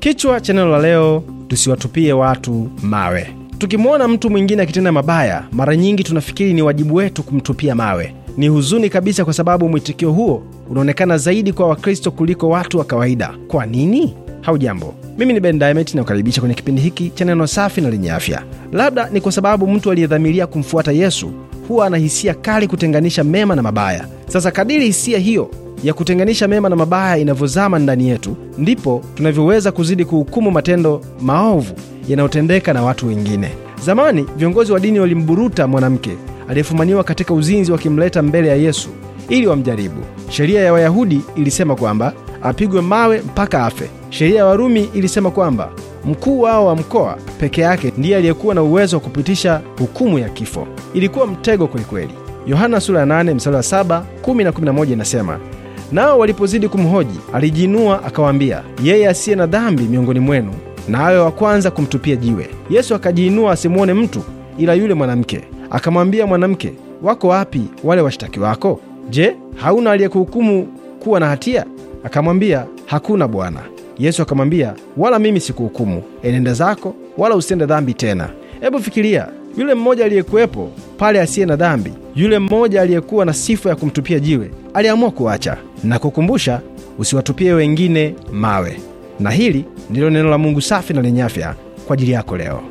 Kichwa cha neno la leo, tusiwatupie watu mawe. Tukimwona mtu mwingine akitenda mabaya, mara nyingi tunafikiri ni wajibu wetu kumtupia mawe. Ni huzuni kabisa, kwa sababu mwitikio huo unaonekana zaidi kwa Wakristo kuliko watu wa kawaida. Kwa nini? Haujambo, mimi ni Ben Diamond na kukaribisha kwenye kipindi hiki cha neno safi na lenye afya. Labda ni kwa sababu mtu aliyedhamiria kumfuata Yesu huwa ana hisia kali kutenganisha mema na mabaya. Sasa kadiri hisia hiyo ya kutenganisha mema na mabaya inavyozama ndani yetu, ndipo tunavyoweza kuzidi kuhukumu matendo maovu yanayotendeka na watu wengine. Zamani viongozi wa dini walimburuta mwanamke aliyefumaniwa katika uzinzi, wakimleta mbele ya Yesu ili wamjaribu. Sheria ya Wayahudi ilisema kwamba apigwe mawe mpaka afe. Sheria ya Warumi ilisema kwamba mkuu wao wa mkoa peke yake ndiye aliyekuwa na uwezo wa kupitisha hukumu ya kifo. Ilikuwa mtego kwelikweli. Yohana sura ya 8 mstari wa 7, 10 na 11 inasema Nao walipozidi kumhoji, alijiinua akawaambia, yeye asiye na dhambi miongoni mwenu na awe wa kwanza kumtupia jiwe. Yesu akajiinua asimwone mtu ila yule mwanamke, akamwambia mwanamke, wako wapi wale washitaki wako? Je, hauna aliyekuhukumu kuwa na hatia? Akamwambia, hakuna Bwana. Yesu akamwambia, wala mimi sikuhukumu, enenda zako, wala usitende dhambi tena. Hebu fikiria yule mmoja aliyekuwepo pale asiye na dhambi, yule mmoja aliyekuwa na sifa ya kumtupia jiwe, aliamua kuacha na kukumbusha, usiwatupie wengine mawe. Na hili ndilo neno la Mungu safi na lenye afya kwa ajili yako leo.